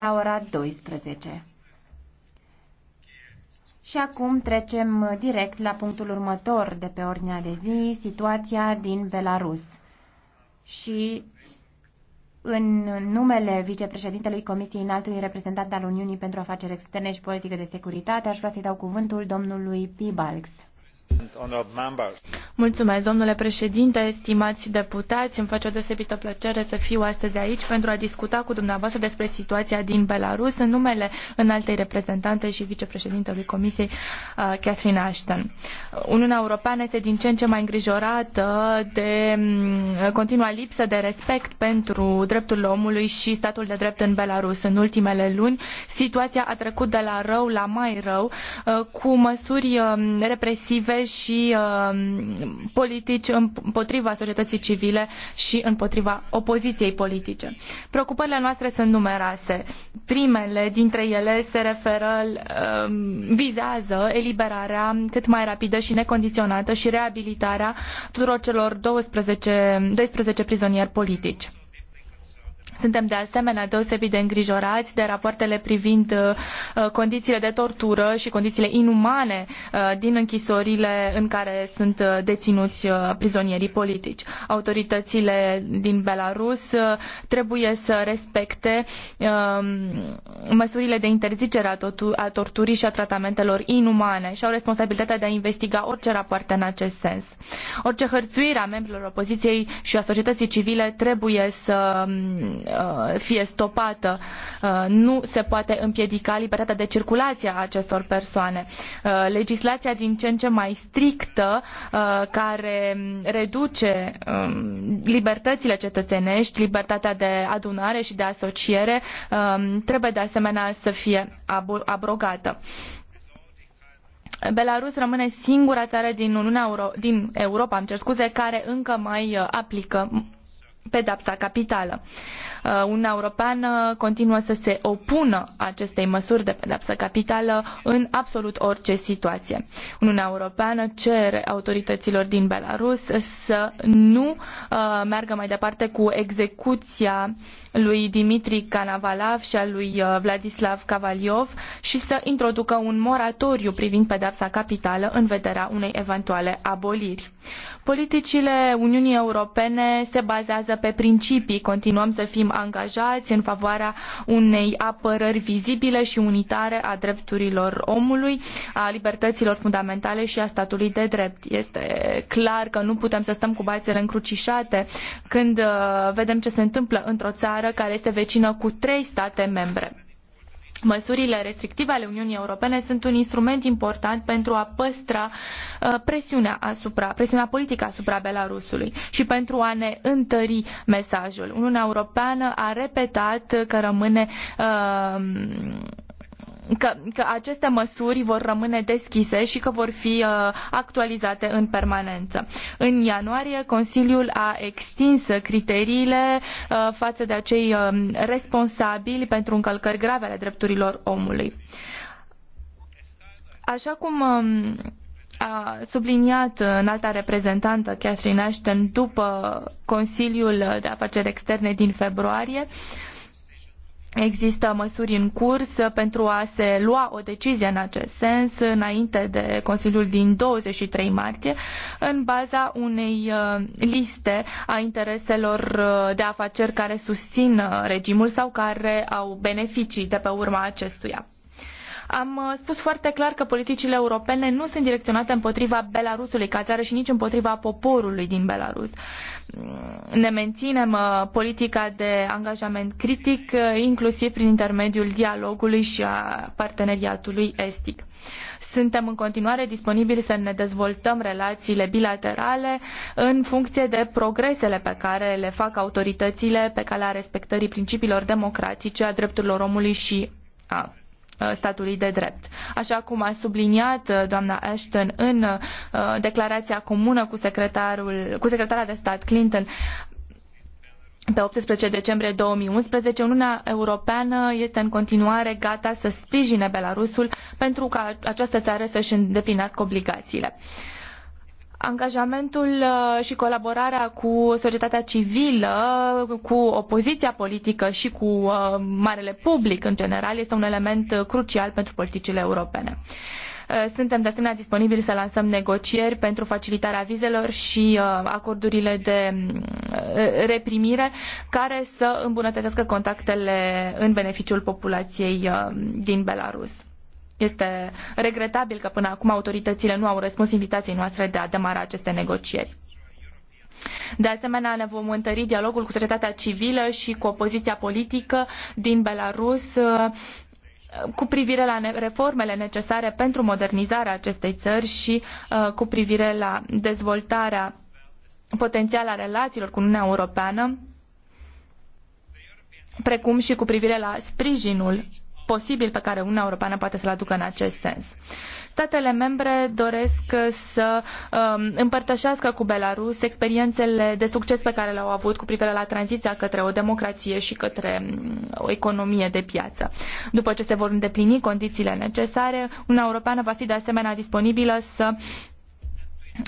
la ora 12. Și acum trecem uh, direct la punctul următor de pe ordinea de zi, situația din Belarus. Și în numele vicepreședintelui Comisiei Înaltului Reprezentant al Uniunii pentru Afaceri Externe și Politică de Securitate, aș vrea să-i dau cuvântul domnului Pibalx. Mulțumesc, domnule președinte, stimați deputați. Îmi face o deosebită plăcere să fiu astăzi aici pentru a discuta cu dumneavoastră despre situația din Belarus în numele înaltei reprezentante și vicepreședintelui Comisiei, uh, Catherine Ashton. Uniunea Europeană este din ce în ce mai îngrijorată de mm, continua lipsă de respect pentru drepturile omului și statul de drept în Belarus. În ultimele luni, situația a trecut de la rău la mai rău, uh, cu măsuri um, represive civile și um, politici împotriva societății civile și împotriva opoziției politice. Preocupările noastre sunt numeroase. Primele dintre ele se referă, um, vizează eliberarea cât mai rapidă și necondiționată și reabilitarea tuturor celor 12, 12 prizonieri politici. Suntem de asemenea deosebit de îngrijorați de rapoartele privind uh, uh, condițiile de tortură și condițiile inumane uh, din închisorile în care sunt deținuți prizonierii politici. Autoritățile din Belarus trebuie să respecte um, măsurile de interzicere a torturii și a tratamentelor inumane și au responsabilitatea de a investiga orice rapoarte în acest sens. Orice hărțuire a membrilor opoziției și a societății civile trebuie să um, Uh, fie stopată. Uh, nu se poate împiedica libertatea de circulație a acestor persoane. Uh, legislația din ce în ce mai strictă, care reduce um, libertățile cetățenești, libertatea de adunare și de asociere, um, trebuie de asemenea să fie abrogată. Belarus rămâne singura țară din, Uniunea Euro- din Europa, am cer scuze, care încă mai aplică pedapsa capitală. Uh, Uh, Uniunea Europeană continuă să se opună acestei măsuri de pedepsă capitală în absolut orice situație. Uniunea Europeană cere autorităților din Belarus să nu uh, meargă mai departe cu execuția lui Dimitri Canavalav și a lui uh, Vladislav Kavaliov și să introducă un moratoriu privind pedepsa capitală în vederea unei eventuale aboliri. Politicile Uniunii Europene se bazează pe principii, continuăm să fim fim angajați în favoarea unei apărări vizibile și unitare a drepturilor omului, a libertăților fundamentale și a statului de drept. Este clar că nu putem să stăm cu bațele încrucișate când uh, vedem ce se întâmplă într-o țară care este vecină cu trei state membre. Măsurile restrictive ale Uniunii Europene sunt un instrument important pentru a păstra uh, presiunea, asupra, presiunea politică asupra Belarusului și pentru a ne întări mesajul. Uniunea Europeană a repetat că rămâne uh, că, că aceste măsuri vor rămâne deschise și că vor fi uh, actualizate în permanență. În ianuarie, Consiliul a extins criteriile uh, față de acei uh, responsabili pentru încălcări grave ale drepturilor omului. Așa cum um, a subliniat uh, înalta alta reprezentantă Catherine Ashton după Consiliul de Afaceri Externe din februarie, uh, Există măsuri în curs pentru a se lua o decizie în acest sens înainte de Consiliul din 23 martie, în baza unei uh, liste a intereselor uh, de afaceri care susțin uh, regimul sau care au beneficii de pe urma acestuia. Am uh, spus foarte clar că politicile europene nu sunt direcționate împotriva Belarusului ca țară și nici împotriva poporului din Belarus. Mm, ne menținem uh, politica de angajament critic, uh, inclusiv prin intermediul dialogului și a parteneriatului estic. Suntem în continuare disponibili să ne dezvoltăm relațiile bilaterale în funcție de progresele pe care le fac autoritățile pe calea respectării principiilor democratice, a drepturilor omului și a Uh, statului de drept. Așa cum a subliniat uh, doamna Ashton în uh, declarația comună cu, secretarul, cu secretara de stat Clinton, pe 18 decembrie 2011, Uniunea Europeană este în continuare gata să sprijine Belarusul pentru ca această țară să-și îndeplinească obligațiile. Uh, Angajamentul uh, și colaborarea cu societatea civilă, cu opoziția politică și cu uh, marele public în general este un element crucial pentru politicile europene. Uh, suntem de asemenea disponibili să lansăm negocieri pentru facilitarea vizelor și acordurile de reprimire care să îmbunătățească contactele în beneficiul populației din Belarus. Este regretabil că până acum autoritățile nu au răspuns invitației noastre de a demara aceste negocieri. De asemenea, ne vom întări dialogul cu societatea civilă și cu opoziția politică din Belarus uh, cu privire la reformele necesare pentru modernizarea acestei țări și uh, cu privire la dezvoltarea potențială a relațiilor cu Uniunea Europeană, precum și cu privire la sprijinul posibil pe care Uniunea Europeană poate să-l aducă în acest sens. Statele membre doresc să um, împărtășească cu Belarus experiențele de succes pe care le-au avut cu privire la tranziția către o democrație și către um, o economie de piață. După ce se vor îndeplini condițiile necesare, Uniunea Europeană va fi de asemenea disponibilă să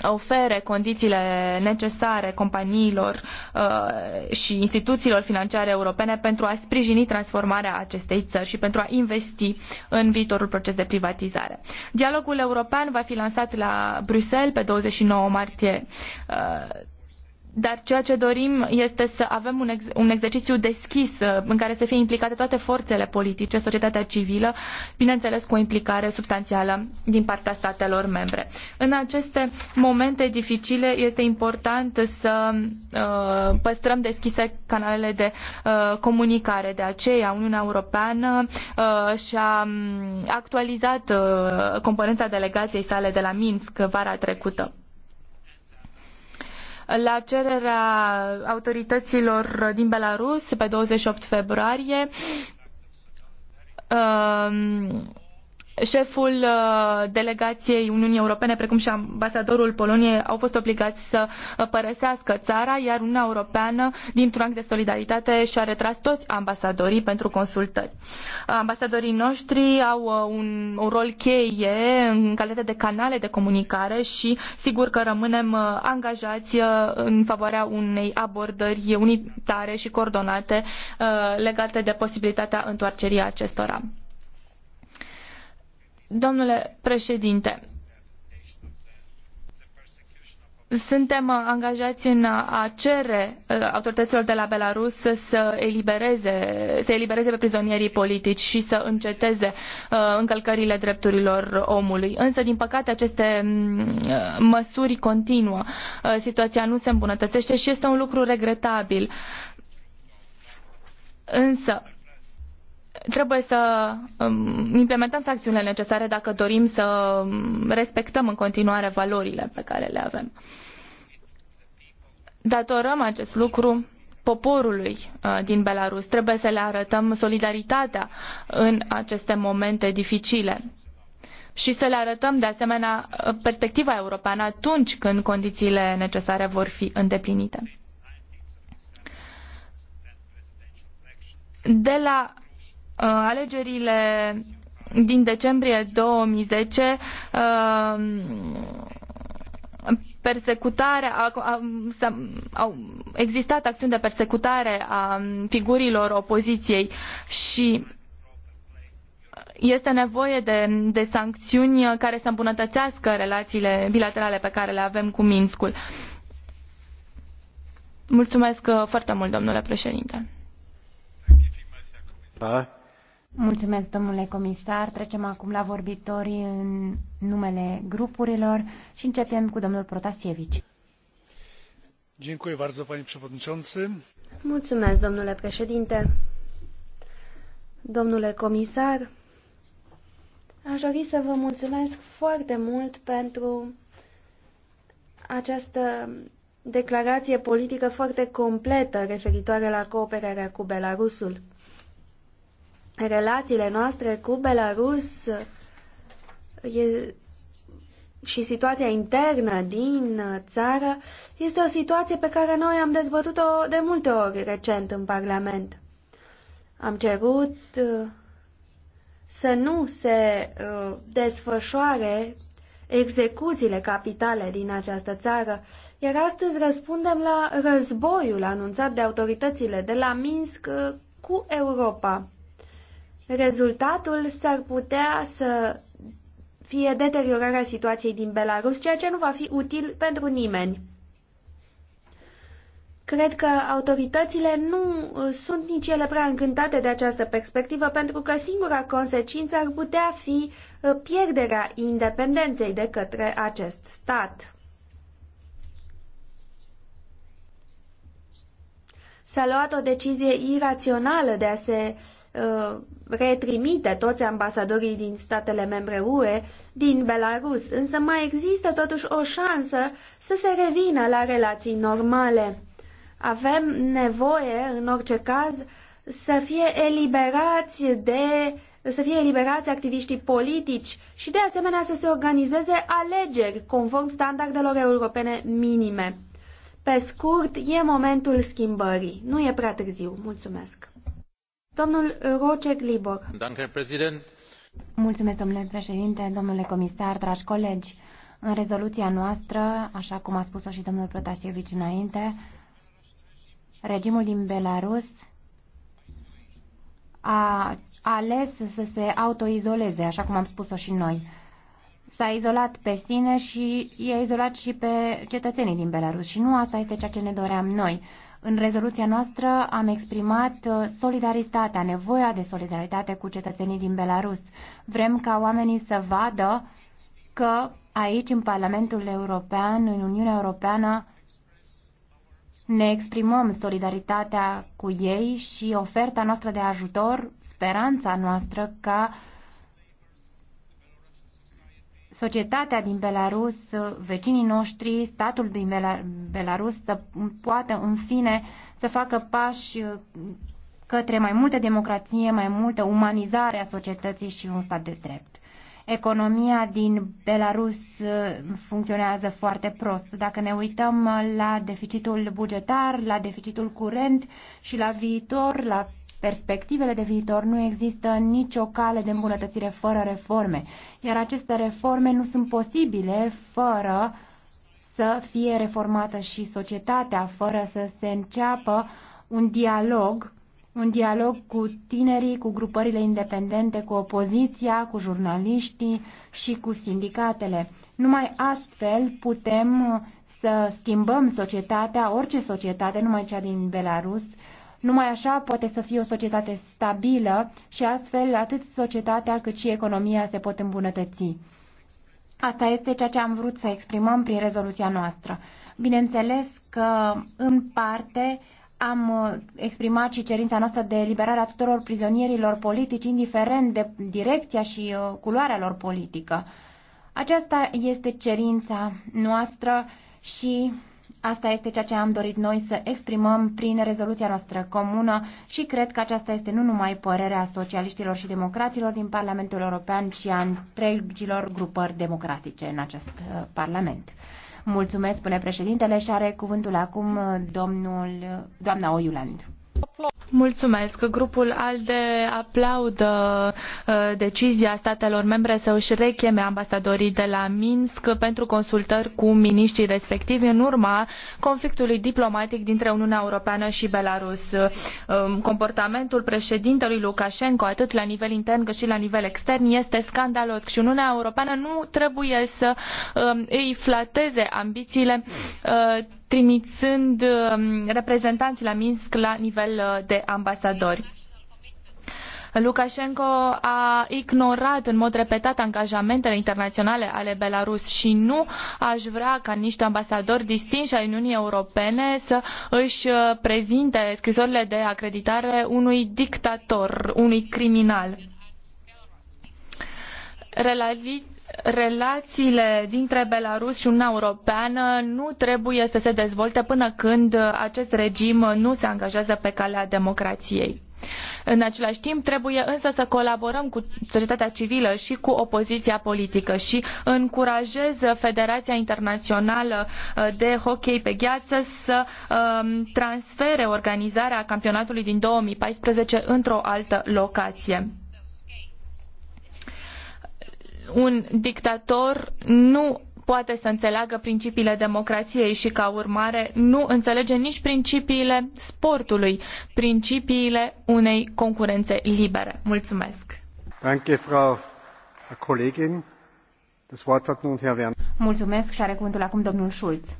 ofere condițiile necesare companiilor uh, și instituțiilor financiare europene pentru a sprijini transformarea acestei țări și pentru a investi în viitorul proces de privatizare. Dialogul european va fi lansat la Bruxelles pe 29 martie uh, dar ceea ce dorim este să avem un, ex- un exercițiu deschis uh, în care să fie implicate toate forțele politice, societatea civilă, bineînțeles cu o implicare substanțială din partea statelor membre. În aceste momente dificile este important să uh, păstrăm deschise canalele de uh, comunicare. De aceea Uniunea Europeană uh, și-a mm, actualizat uh, componența delegației sale de la Minsk vara trecută la cererea autorităților din Belarus pe 28 februarie. Um, șeful uh, delegației Uniunii Europene, precum și ambasadorul Poloniei, au fost obligați să uh, părăsească țara, iar Uniunea Europeană, dintr-un act de solidaritate, și-a retras toți ambasadorii pentru consultări. Uh, ambasadorii noștri au un, un rol cheie în calitate de canale de comunicare și sigur că rămânem angajați în favoarea unei abordări unitare și coordonate legate de posibilitatea întoarcerii acestora. Domnule președinte, suntem angajați în a cere uh, autorităților de la Belarus să elibereze, să elibereze pe prizonierii politici și să înceteze uh, încălcările drepturilor omului. Însă, din păcate, aceste mm, uh, măsuri continuă. Situația nu se îmbunătățește și este un lucru regretabil. Însă, trebuie să um, implementăm sancțiunile necesare dacă dorim să um, respectăm în continuare valorile pe care le avem. Datorăm acest lucru poporului uh, din Belarus. Trebuie să le arătăm solidaritatea în aceste momente dificile și să le arătăm de asemenea uh, perspectiva europeană atunci când condițiile necesare vor fi îndeplinite. De la Uh, alegerile din decembrie 2010 uh, persecutare a, au existat acțiuni de persecutare a figurilor opoziției și este nevoie de, de sancțiuni care să îmbunătățească relațiile bilaterale pe care le avem cu Minskul. Mulțumesc uh, foarte mult, domnule președinte. Da. Mulțumesc, domnule comisar. Trecem acum la vorbitorii în numele grupurilor și începem cu domnul Protasievici. Mulțumesc, domnule președinte. Domnule comisar, aș dori să vă mulțumesc foarte mult pentru această declarație politică foarte completă referitoare la cooperarea cu Belarusul relațiile noastre cu Belarus e, și situația internă din țară este o situație pe care noi am dezbătut-o de multe ori recent în Parlament. Am cerut uh, să nu se uh, desfășoare execuțiile capitale din această țară, iar astăzi răspundem la războiul anunțat de autoritățile de la Minsk uh, cu Europa. Rezultatul s-ar putea să fie deteriorarea situației din Belarus, ceea ce nu va fi util pentru nimeni. Cred că autoritățile nu uh, sunt nici ele prea încântate de această perspectivă, pentru că singura consecință ar putea fi uh, pierderea independenței de către acest stat. S-a luat o decizie irațională de a se uh, retrimite toți ambasadorii din statele membre UE din Belarus, însă mai există totuși o șansă să se revină la relații normale. Avem nevoie, în orice caz, să fie eliberați de să fie eliberați activiștii politici și de asemenea să se organizeze alegeri conform standardelor europene minime. Pe scurt, e momentul schimbării. Nu e prea târziu. Mulțumesc! Domnul uh, Roce Glibor. Mulțumesc, domnule președinte, domnule comisar, dragi colegi. În rezoluția noastră, așa cum a spus-o și domnul Protasievici înainte, regimul din Belarus a ales să se autoizoleze, așa cum am spus-o și noi. S-a izolat pe sine și i-a izolat și pe cetățenii din Belarus și nu asta este ceea ce ne doream noi. În rezoluția noastră am exprimat uh, solidaritatea, nevoia de solidaritate cu cetățenii din Belarus. Vrem ca oamenii să vadă că aici, în Parlamentul European, în Uniunea Europeană, ne exprimăm solidaritatea cu ei și oferta noastră de ajutor, speranța noastră ca uh, societatea din Belarus, vecinii noștri, statul din Belarus să poată în fine să facă pași uh, către mai multă democrație, mai multă umanizare a societății și un stat de drept. Economia din Belarus uh, funcționează foarte prost. Dacă ne uităm uh, la deficitul bugetar, la deficitul curent și la viitor, la perspectivele de viitor, nu există nicio cale de îmbunătățire fără reforme, iar aceste reforme nu sunt posibile fără să fie reformată și societatea, fără să se înceapă un dialog un dialog cu tinerii, cu grupările independente, cu opoziția, cu jurnaliștii și cu sindicatele. Numai astfel putem să schimbăm societatea, orice societate, numai cea din Belarus, numai așa poate să fie o societate stabilă și astfel atât societatea cât și economia se pot îmbunătăți. Asta este ceea ce am vrut să exprimăm prin rezoluția noastră. Bineînțeles că, în parte, am uh, exprimat și cerința noastră de a tuturor prizonierilor politici, indiferent de direcția și uh, culoarea lor politică. Aceasta este cerința noastră și Asta este ceea ce am dorit noi să exprimăm prin rezoluția noastră comună și cred că aceasta este nu numai părerea socialiștilor și democraților din Parlamentul European, ci a întregilor grupări democratice în acest uh, Parlament. Mulțumesc, spune președintele, și are cuvântul acum uh, domnul, uh, doamna Oiuland. Mulțumesc. Grupul ALDE aplaudă uh, decizia statelor membre să își recheme ambasadorii de la Minsk pentru consultări cu miniștrii respectivi în urma conflictului diplomatic dintre Uniunea Europeană și Belarus. Uh, um, comportamentul președintelui Lukashenko, atât la nivel intern cât și la nivel extern, este scandalos și Uniunea Europeană nu trebuie să um, îi flateze ambițiile uh, trimițând um, reprezentanții la Minsk la nivel uh, de ambasadori. Lukashenko a ignorat în mod repetat angajamentele internaționale ale Belarus și nu aș vrea ca niște ambasadori distinși ai Uniunii Europene să își uh, prezinte scrisorile de acreditare unui dictator, unui criminal. Relali relațiile dintre Belarus și Uniunea Europeană nu trebuie să se dezvolte până când acest regim nu se angajează pe calea democrației. În același timp, trebuie însă să colaborăm cu societatea civilă și cu opoziția politică și încurajez Federația Internațională uh, de Hockey pe Gheață să um, transfere organizarea campionatului din 2014 într-o altă locație un dictator nu poate să înțeleagă principiile democrației și ca urmare nu înțelege nici principiile sportului, principiile unei concurențe libere. Mulțumesc! Danke, Frau Kollegin. Das Wort hat nun Herr Werner. Mulțumesc și are cuvântul acum domnul Schulz.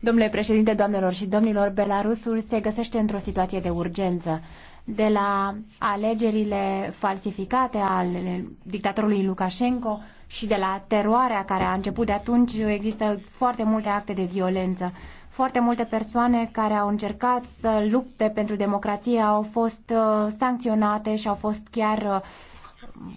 Domnule președinte, doamnelor și domnilor, Belarusul se găsește într-o situație de urgență de la alegerile falsificate ale dictatorului Lukashenko și de la teroarea care a început de atunci, există foarte multe acte de violență. Foarte multe persoane care au încercat să lupte pentru democrație au fost uh, sancționate și au fost chiar uh,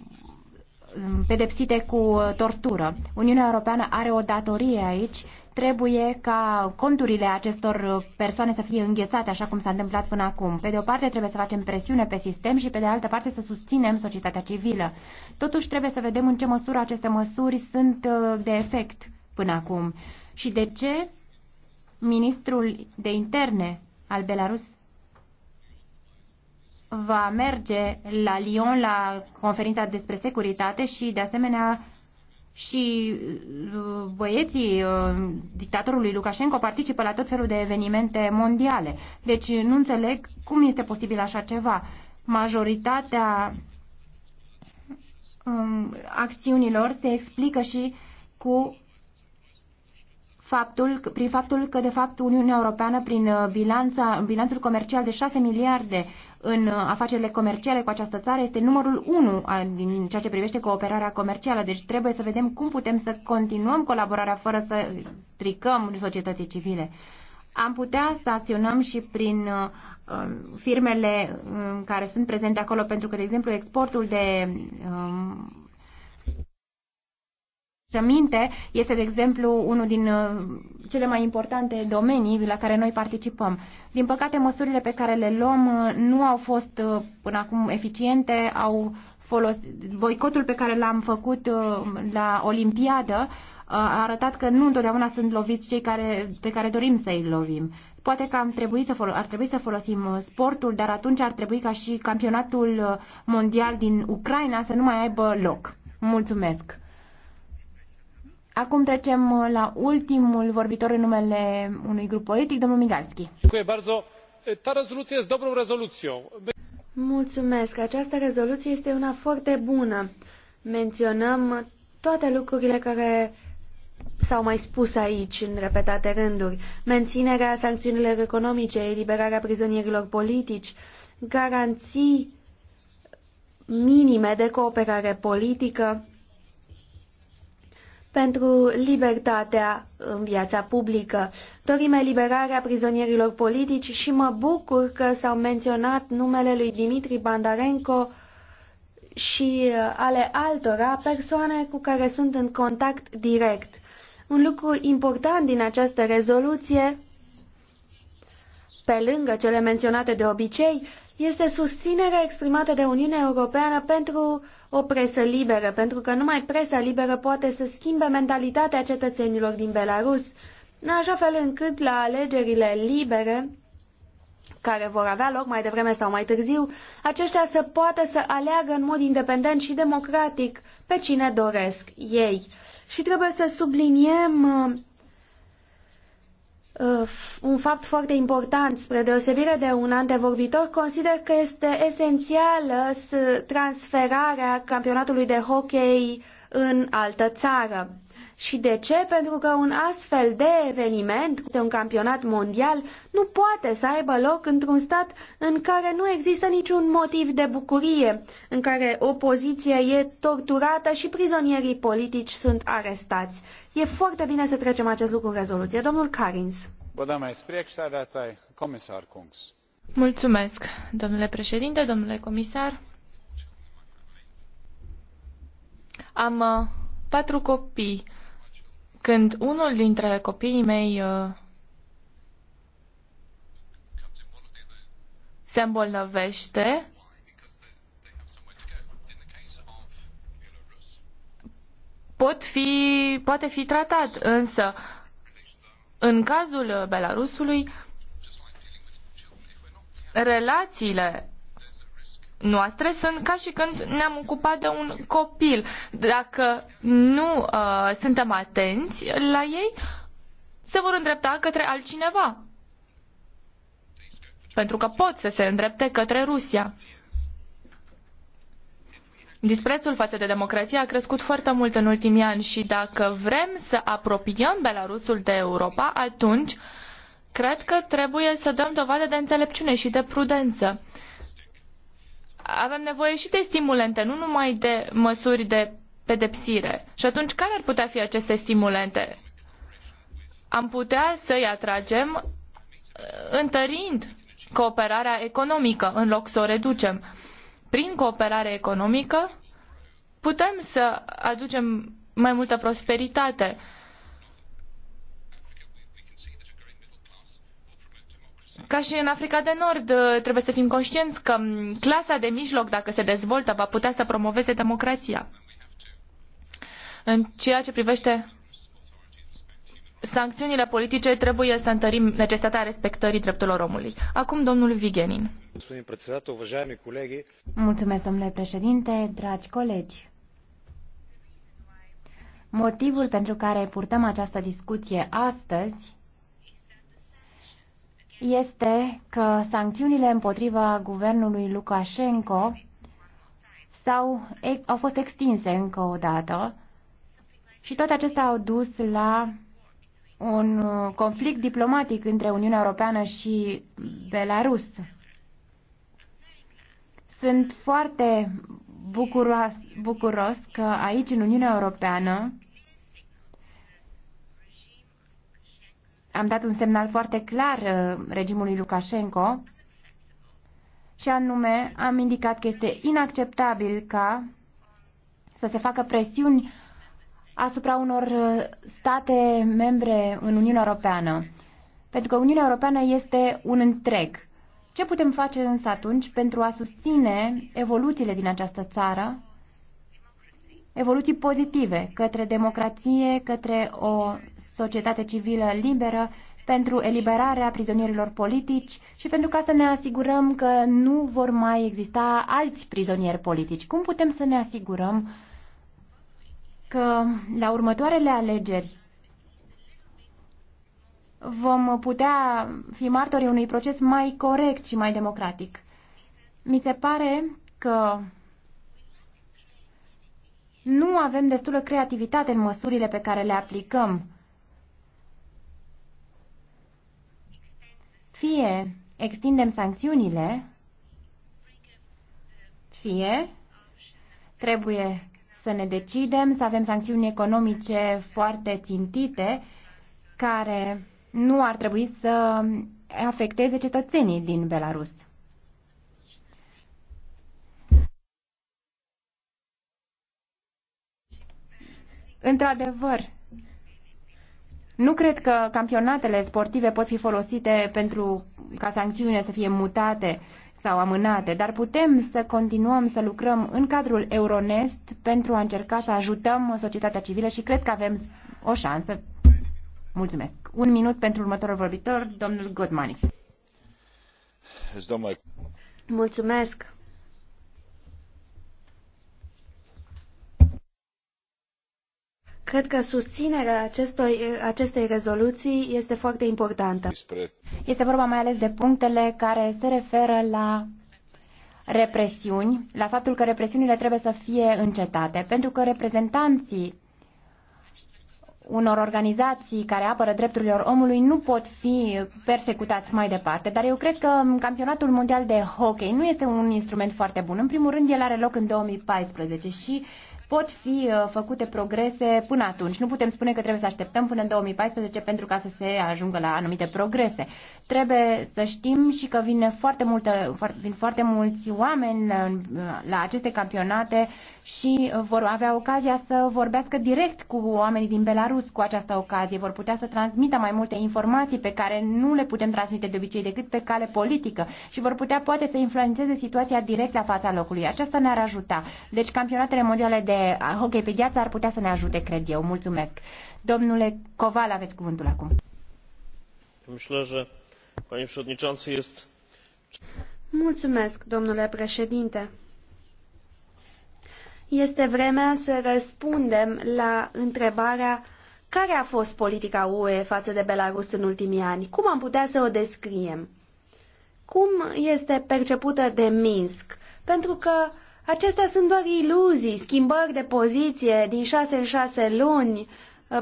pedepsite cu uh, tortură. Uniunea Europeană are o datorie aici trebuie ca conturile acestor persoane să fie înghețate, așa cum s-a întâmplat până acum. Pe de o parte, trebuie să facem presiune pe sistem și, pe de altă parte, să susținem societatea civilă. Totuși, trebuie să vedem în ce măsură aceste măsuri sunt uh, de efect până acum și de ce ministrul de interne al Belarus va merge la Lyon la conferința despre securitate și, de asemenea, și uh, băieții uh, dictatorului Lukashenko participă la tot felul de evenimente mondiale. Deci nu înțeleg cum este posibil așa ceva. Majoritatea um, acțiunilor se explică și cu faptul, prin faptul că, de fapt, Uniunea Europeană, prin uh, bilanța, bilanțul comercial de 6 miliarde în uh, afacerile comerciale cu această țară, este numărul 1 din ceea ce privește cooperarea comercială. Deci trebuie să vedem cum putem să continuăm colaborarea fără să stricăm societății civile. Am putea să acționăm și prin uh, um, firmele um, care sunt prezente acolo, pentru că, de exemplu, exportul de um, minte este, de exemplu, unul din uh, cele mai importante domenii la care noi participăm. Din păcate, măsurile pe care le luăm uh, nu au fost uh, până acum eficiente, au folos... boicotul pe care l-am făcut la Olimpiadă a arătat că nu întotdeauna sunt loviți cei care, pe care dorim să îi lovim. Poate că am trebui să folo- ar trebui să folosim sportul, dar atunci ar trebui ca și campionatul mondial din Ucraina să nu mai aibă loc. Mulțumesc! Acum trecem uh, la ultimul vorbitor în numele unui grup politic, domnul Migalski. Mulțumesc. Această rezoluție este una foarte bună. Menționăm toate lucrurile care s-au mai spus aici în repetate rânduri. Menținerea sancțiunilor economice, eliberarea prizonierilor politici, garanții minime de cooperare politică, pentru libertatea în viața publică. Dorim eliberarea prizonierilor politici și mă bucur că s-au menționat numele lui Dimitri Bandarenko și uh, ale altora persoane cu care sunt în contact direct. Un lucru important din această rezoluție, pe lângă cele menționate de obicei, este susținerea exprimată de Uniunea Europeană pentru uh, o presă liberă, pentru că numai presa liberă poate să schimbe mentalitatea cetățenilor din Belarus, în așa fel încât la alegerile libere care vor avea loc mai devreme sau mai târziu, aceștia să poată să aleagă în mod independent și democratic pe cine doresc ei. Și trebuie să subliniem uh, Uh, un fapt foarte important, spre deosebire de un antevorbitor, consider că este esențială transferarea campionatului de hockey în altă țară. Și de ce? Pentru că un astfel de eveniment, un campionat mondial, nu poate să aibă loc într-un stat în care nu există niciun motiv de bucurie, în care opoziția e torturată și prizonierii politici sunt arestați. E foarte bine să trecem acest lucru în rezoluție. Domnul Carins. Mulțumesc, domnule președinte, domnule comisar. Am uh, patru copii când unul dintre copiii mei uh, se îmbolnăvește, pot fi, poate fi tratat, însă în cazul Belarusului, relațiile noastre sunt ca și când ne-am ocupat de un copil. Dacă nu uh, suntem atenți la ei, se vor îndrepta către altcineva. Pentru că pot să se îndrepte către Rusia. Disprețul față de democrație a crescut foarte mult în ultimii ani și dacă vrem să apropiem Belarusul de Europa, atunci cred că trebuie să dăm dovadă de înțelepciune și de prudență avem nevoie și de stimulente, nu numai de măsuri de pedepsire. Și atunci, care ar putea fi aceste stimulente? Am putea să-i atragem uh, întărind cooperarea economică, în loc să o reducem. Prin cooperare economică putem să aducem mai multă prosperitate ca și în Africa de Nord, uh, trebuie să fim conștienți că mm, clasa de mijloc, dacă se dezvoltă, va putea să promoveze democrația. În ceea ce privește sancțiunile politice, trebuie să întărim necesitatea respectării drepturilor omului. Acum, domnul Vigenin. Mulțumesc, domnule președinte, dragi colegi. Motivul pentru care purtăm această discuție astăzi este că sancțiunile împotriva guvernului Lukashenko s-au, au fost extinse încă o dată și toate acestea au dus la un uh, conflict diplomatic între Uniunea Europeană și Belarus. Sunt foarte bucuros, bucuros că aici, în Uniunea Europeană, am dat un semnal foarte clar uh, regimului Lukashenko și anume am indicat că este inacceptabil ca să se facă presiuni asupra unor uh, state membre în Uniunea Europeană. Pentru că Uniunea Europeană este un întreg. Ce putem face însă atunci pentru a susține evoluțiile din această țară evoluții pozitive către democrație, către o societate civilă liberă, pentru eliberarea prizonierilor politici și pentru ca să ne asigurăm că nu vor mai exista alți prizonieri politici. Cum putem să ne asigurăm că la următoarele alegeri vom putea fi martorii unui proces mai corect și mai democratic? Mi se pare că nu avem destulă creativitate în măsurile pe care le aplicăm. Fie extindem sancțiunile, fie trebuie să ne decidem să avem sancțiuni economice foarte țintite care nu ar trebui să afecteze cetățenii din Belarus. Într-adevăr, nu cred că campionatele sportive pot fi folosite pentru ca sancțiunile să fie mutate sau amânate, dar putem să continuăm să lucrăm în cadrul Euronest pentru a încerca să ajutăm societatea civilă și cred că avem o șansă. Mulțumesc. Un minut pentru următorul vorbitor, domnul Godmanis. Mulțumesc. Cred că susținerea acestor, acestei rezoluții este foarte importantă. Este vorba mai ales de punctele care se referă la represiuni, la faptul că represiunile trebuie să fie încetate, pentru că reprezentanții unor organizații care apără drepturile omului nu pot fi persecutați mai departe, dar eu cred că campionatul mondial de hockey nu este un instrument foarte bun. În primul rând, el are loc în 2014 și pot fi uh, făcute progrese până atunci. Nu putem spune că trebuie să așteptăm până în 2014 pentru ca să se ajungă la anumite progrese. Trebuie să știm și că vine foarte multe, vin foarte mulți oameni uh, la aceste campionate și uh, vor avea ocazia să vorbească direct cu oamenii din Belarus cu această ocazie. Vor putea să transmită mai multe informații pe care nu le putem transmite de obicei decât pe cale politică și vor putea poate să influențeze situația direct la fața locului. Aceasta ne-ar ajuta. Deci campionatele mondiale de uh, hockey pe gheață ar putea să ne ajute, cred eu. Mulțumesc. Domnule Coval, aveți cuvântul acum. Mulțumesc, domnule președinte. Este vremea să răspundem la întrebarea care a fost politica UE față de Belarus în ultimii ani? Cum am putea să o descriem? Cum este percepută de Minsk? Pentru că acestea sunt doar iluzii, schimbări de poziție din șase în șase luni,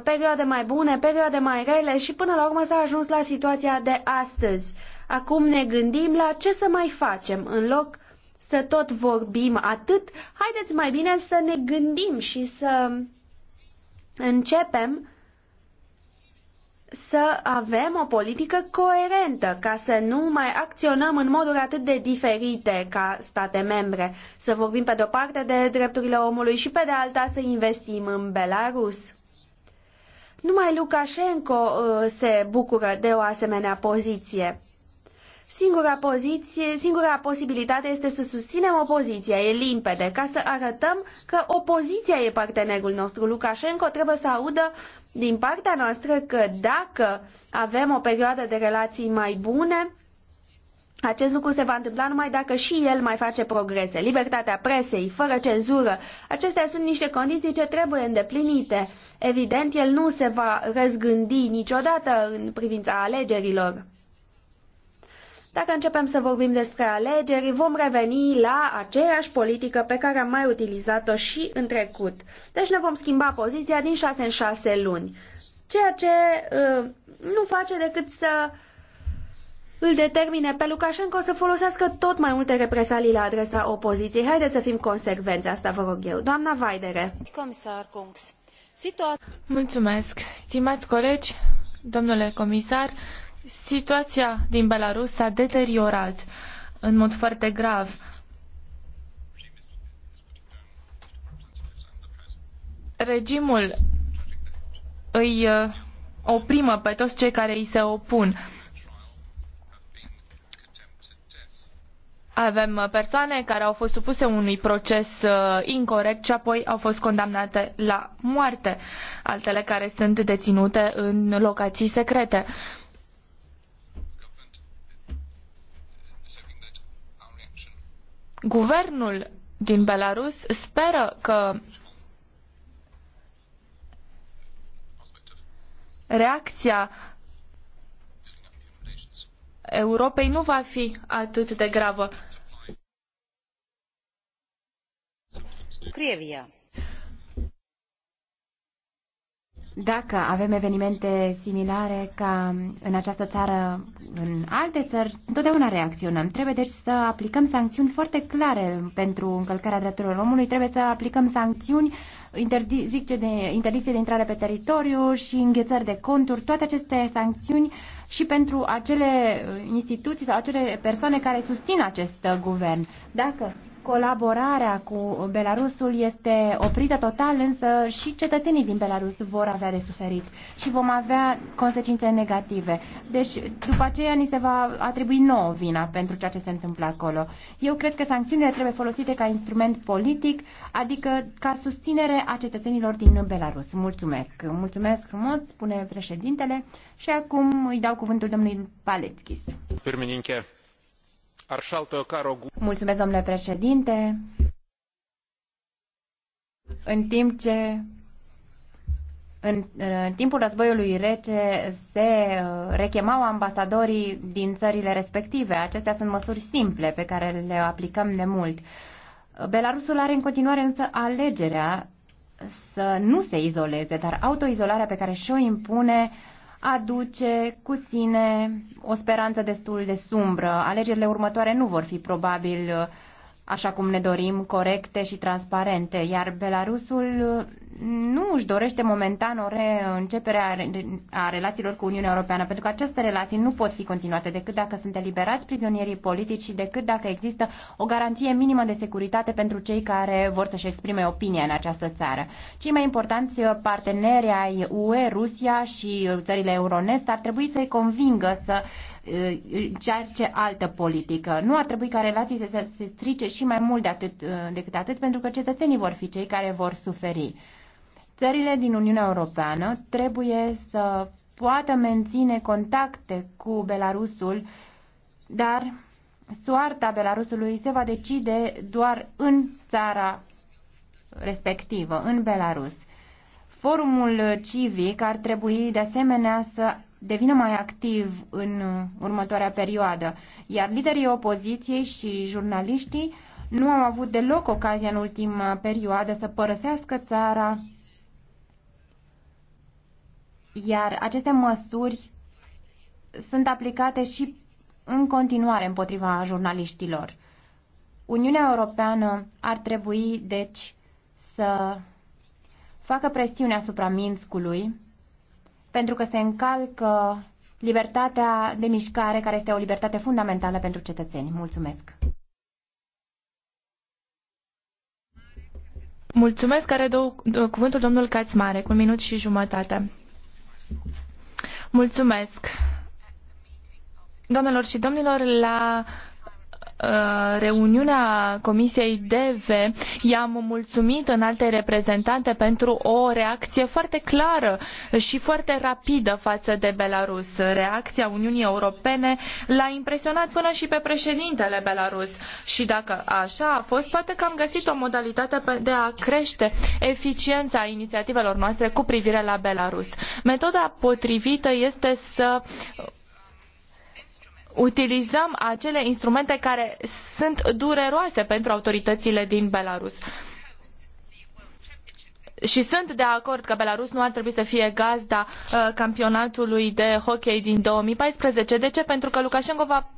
perioade mai bune, perioade mai rele și până la urmă s-a ajuns la situația de astăzi. Acum ne gândim la ce să mai facem în loc să tot vorbim atât, haideți mai bine să ne gândim și să începem să avem o politică coerentă, ca să nu mai acționăm în moduri atât de diferite ca state membre. Să vorbim pe de-o parte de drepturile omului și pe de alta să investim în Belarus. Numai Lukashenko uh, se bucură de o asemenea poziție. Singura, poziție, singura posibilitate este să susținem opoziția, e limpede, ca să arătăm că opoziția e partenerul nostru. Lukashenko trebuie să audă din partea noastră că dacă avem o perioadă de relații mai bune, acest lucru se va întâmpla numai dacă și el mai face progrese. Libertatea presei, fără cenzură, acestea sunt niște condiții ce trebuie îndeplinite. Evident, el nu se va răzgândi niciodată în privința alegerilor. Dacă începem să vorbim despre alegeri, vom reveni la aceeași politică pe care am mai utilizat-o și în trecut. Deci ne vom schimba poziția din 6 în 6 luni, ceea ce uh, nu face decât să îl determine pe Lukashenko să folosească tot mai multe represalii la adresa opoziției. Haideți să fim consecvenți, asta vă rog eu. Doamna Vaidere. Comisar Kungs. Mulțumesc. Stimați colegi, domnule comisar, Situația din Belarus s-a deteriorat în mod foarte grav. Regimul îi uh, oprimă pe toți cei care îi se opun. Avem uh, persoane care au fost supuse unui proces incorect, uh, incorrect și apoi au fost condamnate la moarte, altele care sunt deținute în locații secrete. guvernul din Belarus speră că reacția Europei nu va fi atât de gravă. Crievia. Dacă avem evenimente similare ca în această țară, în alte țări, întotdeauna reacționăm. Trebuie deci să aplicăm sancțiuni foarte clare pentru încălcarea drepturilor omului, trebuie să aplicăm sancțiuni, interdicție de, interdicție de intrare pe teritoriu și înghețări de conturi, toate aceste sancțiuni și pentru acele instituții sau acele persoane care susțin acest guvern. Dacă Colaborarea cu Belarusul este oprită total, însă și cetățenii din Belarus vor avea de suferit și vom avea consecințe negative. Deci, după aceea, ni se va atribui nouă vina pentru ceea ce se întâmplă acolo. Eu cred că sancțiunile trebuie folosite ca instrument politic, adică ca susținere a cetățenilor din Belarus. Mulțumesc! Mulțumesc frumos, spune președintele, și acum îi dau cuvântul domnului Paleckis. Permininche. Mulțumesc, domnule președinte. În timp ce în, în, timpul războiului rece se uh, rechemau ambasadorii din țările respective. Acestea sunt măsuri simple pe care le aplicăm de mult. Belarusul are în continuare însă alegerea să nu se izoleze, dar autoizolarea pe care și-o impune uh, aduce cu sine o speranță destul de sumbră. Alegerile următoare nu vor fi probabil, uh, așa cum ne dorim, corecte și transparente, iar Belarusul nu își dorește momentan o reîncepere a, re- a relațiilor cu Uniunea Europeană, pentru că aceste relații nu pot fi continuate decât dacă sunt eliberați prizonierii politici și decât dacă există o garanție minimă de securitate pentru cei care vor să-și exprime opinia în această țară. Cei mai importanți parteneri ai UE, Rusia și țările euronest ar trebui să-i convingă să uh, cearce altă politică. Nu ar trebui ca relațiile să se strice și mai mult de atât, uh, decât atât, pentru că cetățenii vor fi cei care vor suferi. Țările din Uniunea Europeană trebuie să poată menține contacte cu Belarusul, dar soarta Belarusului se va decide doar în țara respectivă, în Belarus. Forumul civic ar trebui de asemenea să devină mai activ în următoarea perioadă, iar liderii opoziției și jurnaliștii nu au avut deloc ocazia în ultima perioadă să părăsească țara iar aceste măsuri sunt aplicate și în continuare împotriva jurnaliștilor. Uniunea Europeană ar trebui, deci, să facă presiune asupra Minskului, pentru că se încalcă libertatea de mișcare, care este o libertate fundamentală pentru cetățeni. Mulțumesc! Mulțumesc, are două, două, cuvântul domnul Cațmare, cu un minut și jumătate. Mulțumesc. Doamnelor și domnilor, la Uh, reuniunea Comisiei DEVE i-am mulțumit în alte reprezentante pentru o reacție foarte clară și foarte rapidă față de Belarus. Reacția Uniunii Europene l-a impresionat până și pe președintele Belarus. Și dacă așa a fost, poate că am găsit o modalitate de a crește eficiența inițiativelor noastre cu privire la Belarus. Metoda potrivită este să utilizăm acele instrumente care sunt dureroase pentru autoritățile din Belarus. Și sunt de acord că Belarus nu ar trebui să fie gazda uh, campionatului de hockey din 2014. De ce? Pentru că Lukashenko va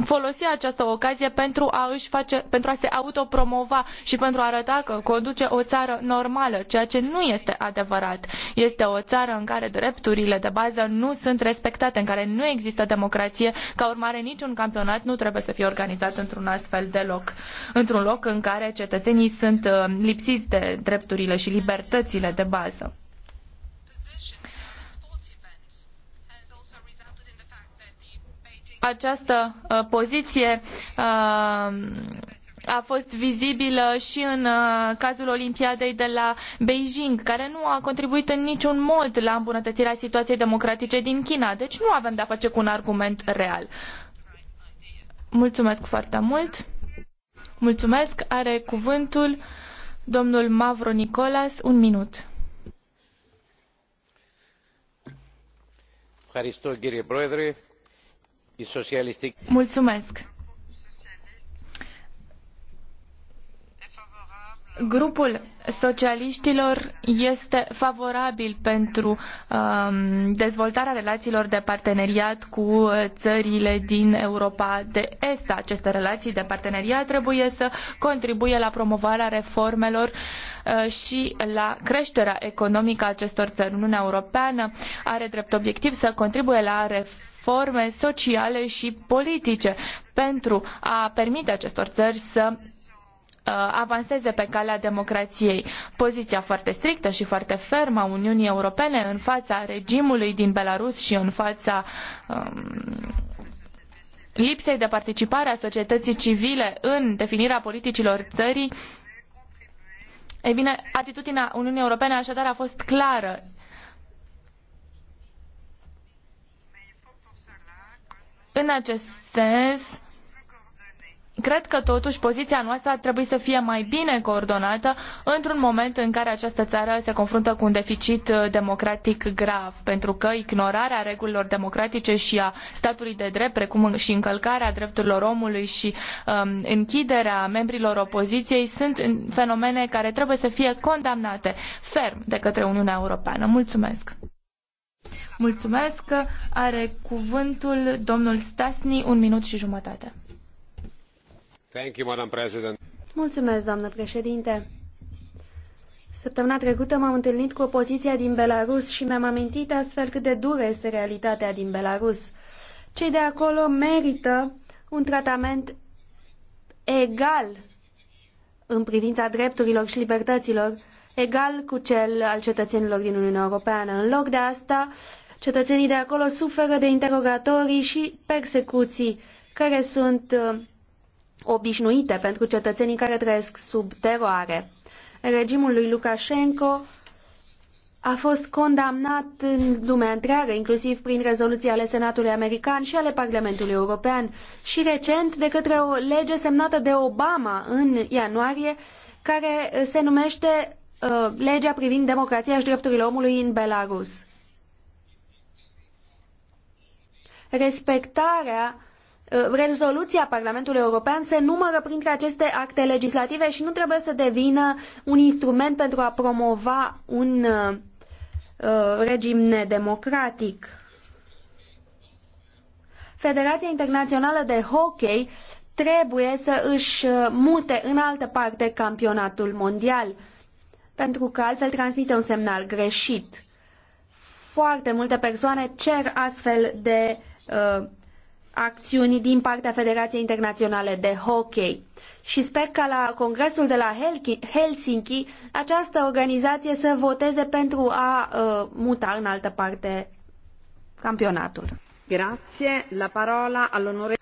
folosi această ocazie pentru a, își face, pentru a se autopromova și pentru a arăta că conduce o țară normală, ceea ce nu este adevărat. Este o țară în care drepturile de bază nu sunt respectate, în care nu există democrație, ca urmare niciun campionat nu trebuie să fie organizat într-un astfel de loc, într-un loc în care cetățenii sunt uh, lipsiți de drepturile și libertățile de bază. această uh, poziție uh, a fost vizibilă și în uh, cazul Olimpiadei de la Beijing, care nu a contribuit în niciun mod la îmbunătățirea situației democratice din China. Deci nu avem de-a face cu un argument real. Mulțumesc foarte mult. Mulțumesc. Are cuvântul domnul Mavro Nicolas. Un minut. Ευχαριστώ κύριε Πρόεδρε. Mulțumesc. Grupul socialiștilor este favorabil pentru um, dezvoltarea relațiilor de parteneriat cu țările din Europa de Est. Aceste relații de parteneriat trebuie să contribuie la promovarea reformelor uh, și la creșterea economică a acestor țări. Uniunea Europeană are drept obiectiv să contribuie la reformele reforme sociale și politice pentru a permite acestor țări să uh, avanseze pe calea democrației. Poziția foarte strictă și foarte fermă a Uniunii Europene în fața regimului din Belarus și în fața um, lipsei de participare a societății civile în definirea politicilor țării. Ei bine, atitudinea Uniunii Europene așadar a fost clară. În acest sens, cred că totuși poziția noastră ar trebui să fie mai bine coordonată într-un moment în care această țară se confruntă cu un deficit uh, democratic grav, pentru că ignorarea regulilor democratice și a statului de drept, precum și încălcarea drepturilor omului și um, închiderea membrilor opoziției sunt fenomene care trebuie să fie condamnate ferm de către Uniunea Europeană. Mulțumesc! Mulțumesc. Are cuvântul domnul Stasni, un minut și jumătate. Thank you, Madam President. Mulțumesc, doamnă președinte. Săptămâna trecută m-am întâlnit cu opoziția din Belarus și mi-am amintit astfel cât de dură este realitatea din Belarus. Cei de acolo merită un tratament egal în privința drepturilor și libertăților egal cu cel al cetățenilor din Uniunea Europeană. În loc de asta, cetățenii de acolo suferă de interogatorii și persecuții care sunt uh, obișnuite pentru cetățenii care trăiesc sub teroare. Regimul lui Lukashenko a fost condamnat în lumea întreagă, inclusiv prin rezoluții ale Senatului American și ale Parlamentului European și recent de către o lege semnată de Obama în ianuarie, care se numește Uh, legea privind democrația și drepturile omului în Belarus. Respectarea uh, Rezoluția Parlamentului European se numără printre aceste acte legislative și nu trebuie să devină un instrument pentru a promova un uh, uh regim nedemocratic. Federația Internațională de Hockey trebuie să își mute în altă parte campionatul mondial pentru că altfel transmite un semnal greșit. Foarte multe persoane cer astfel de uh, acțiuni din partea Federației Internaționale de Hockey. Și sper ca la congresul de la Helsinki această organizație să voteze pentru a uh, muta în altă parte campionatul. Grazie, la parola all'onore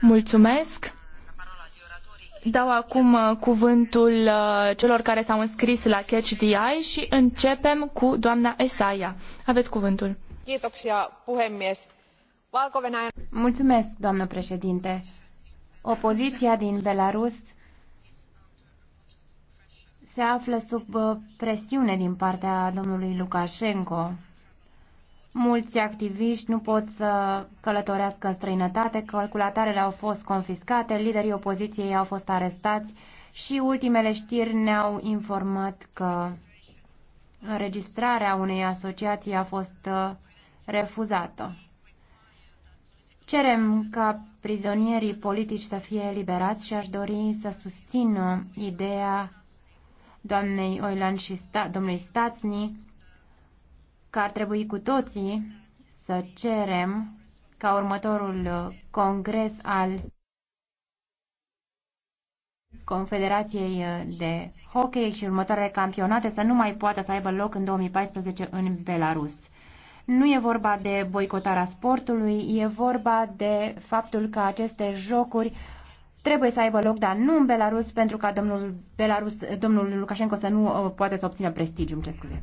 Mulțumesc. Dau acum uh, cuvântul uh, celor care s-au înscris la Catch the Eye și începem cu doamna Esaia. Aveți cuvântul. Mulțumesc, doamnă președinte. Opoziția din Belarus se află sub uh, presiune din partea domnului Lukashenko, Mulți activiști nu pot să călătorească în străinătate, calculatoarele au fost confiscate, liderii opoziției au fost arestați și ultimele știri ne-au informat că înregistrarea unei asociații a fost uh, refuzată. Cerem ca prizonierii politici să fie eliberați și aș dori să susțin ideea doamnei Oilan și sta, domnului Stațni că ar trebui cu toții să cerem ca următorul uh, congres al Confederației uh, de Hockey și următoarele campionate să nu mai poată să aibă loc în 2014 în Belarus. Nu e vorba de boicotarea sportului, e vorba de faptul că aceste jocuri trebuie să aibă loc, dar nu în Belarus, pentru ca domnul, Belarus, domnul Lukashenko să nu uh, poată să obțină prestigiu. Ce scuze.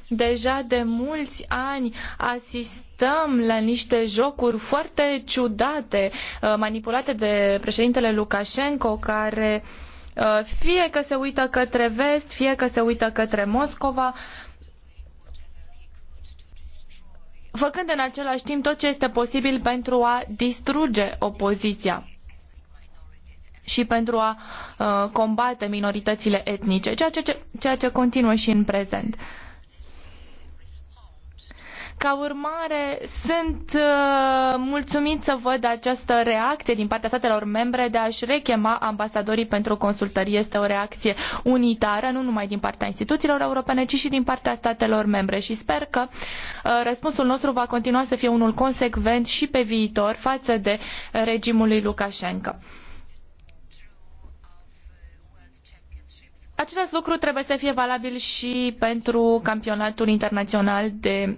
Deja de mulți ani asistăm la niște jocuri foarte ciudate, uh, manipulate de președintele Lukashenko, care uh, fie că se uită către vest, fie că se uită către Moscova, făcând în același timp tot ce este posibil pentru a distruge opoziția și pentru a uh, combate minoritățile etnice, ceea ce, ceea ce continuă și în prezent. Ca urmare, sunt uh, mulțumit să văd această reacție din partea statelor membre de a-și rechema ambasadorii pentru consultări. Este o reacție unitară, nu numai din partea instituțiilor europene, ci și din partea statelor membre și sper că uh, răspunsul nostru va continua să fie unul consecvent și pe viitor față de regimul lui Lukashenko. Același lucru trebuie să fie valabil și pentru campionatul internațional de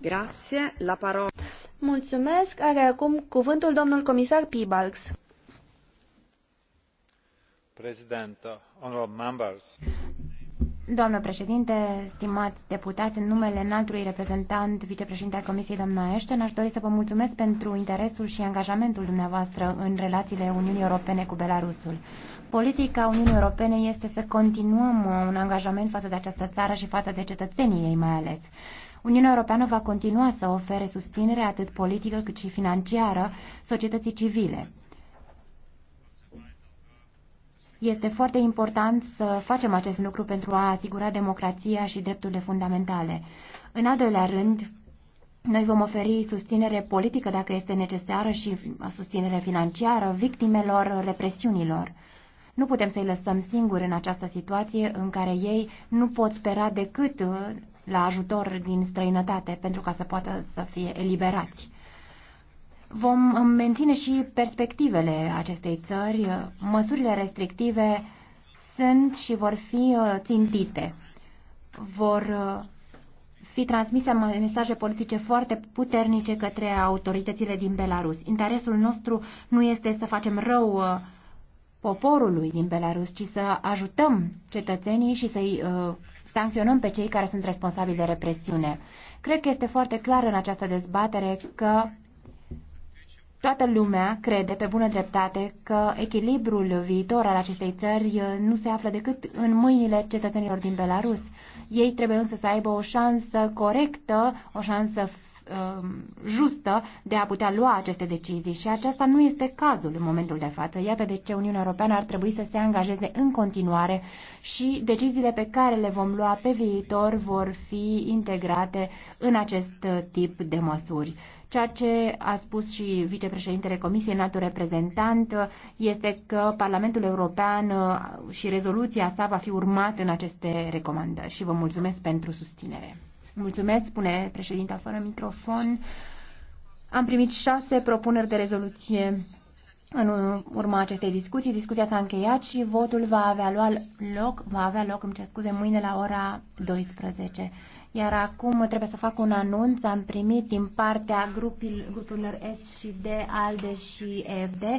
Grazie. La parola. Mulțumesc. Are acum cuvântul domnul comisar Pibalks. Doamnă președinte, stimați deputați, în numele înaltului reprezentant, vicepreședinte al Comisiei, doamna Ashton, aș dori să vă mulțumesc pentru interesul și angajamentul dumneavoastră în relațiile Uniunii Europene cu Belarusul. Politica Uniunii Europene este să continuăm un angajament față de această țară și față de cetățenii ei mai ales. Uniunea Europeană va continua să ofere susținere atât politică cât și financiară societății civile. Este foarte important să facem acest lucru pentru a asigura democrația și drepturile fundamentale. În al doilea rând, noi vom oferi susținere politică dacă este necesară și susținere financiară victimelor represiunilor. Nu putem să-i lăsăm singuri în această situație în care ei nu pot spera decât la ajutor din străinătate pentru ca să poată să fie eliberați. Vom menține și perspectivele acestei țări. Măsurile restrictive sunt și vor fi uh, țintite. Vor uh, fi transmise mesaje politice foarte puternice către autoritățile din Belarus. Interesul nostru nu este să facem rău uh, poporului din Belarus, ci să ajutăm cetățenii și să-i sancționăm pe cei care sunt responsabili de represiune. Cred că este foarte clar în această dezbatere că Toată lumea crede, pe bună dreptate, că echilibrul viitor al acestei țări uh, nu se află decât în mâinile cetățenilor din Belarus. Ei trebuie însă să aibă o șansă corectă, o șansă Um, justă de a putea lua aceste decizii și aceasta nu este cazul în momentul de față. Iată de ce Uniunea Europeană ar trebui să se angajeze în continuare și deciziile pe care le vom lua pe viitor vor fi integrate în acest tip de măsuri. Ceea ce a spus și vicepreședintele Comisiei Înaltul Reprezentant este că Parlamentul European uh, și rezoluția sa va fi urmat în aceste recomandări și vă mulțumesc pentru susținere. Mulțumesc, spune președinta fără microfon. Am primit șase propuneri de rezoluție în urma acestei discuții. Discuția s-a încheiat și votul va avea loc, va avea loc, îmi cer scuze, mâine la ora 12. Iar acum trebuie să fac un anunț. Am primit din partea grupil, grupurilor S și D, ALDE și EFD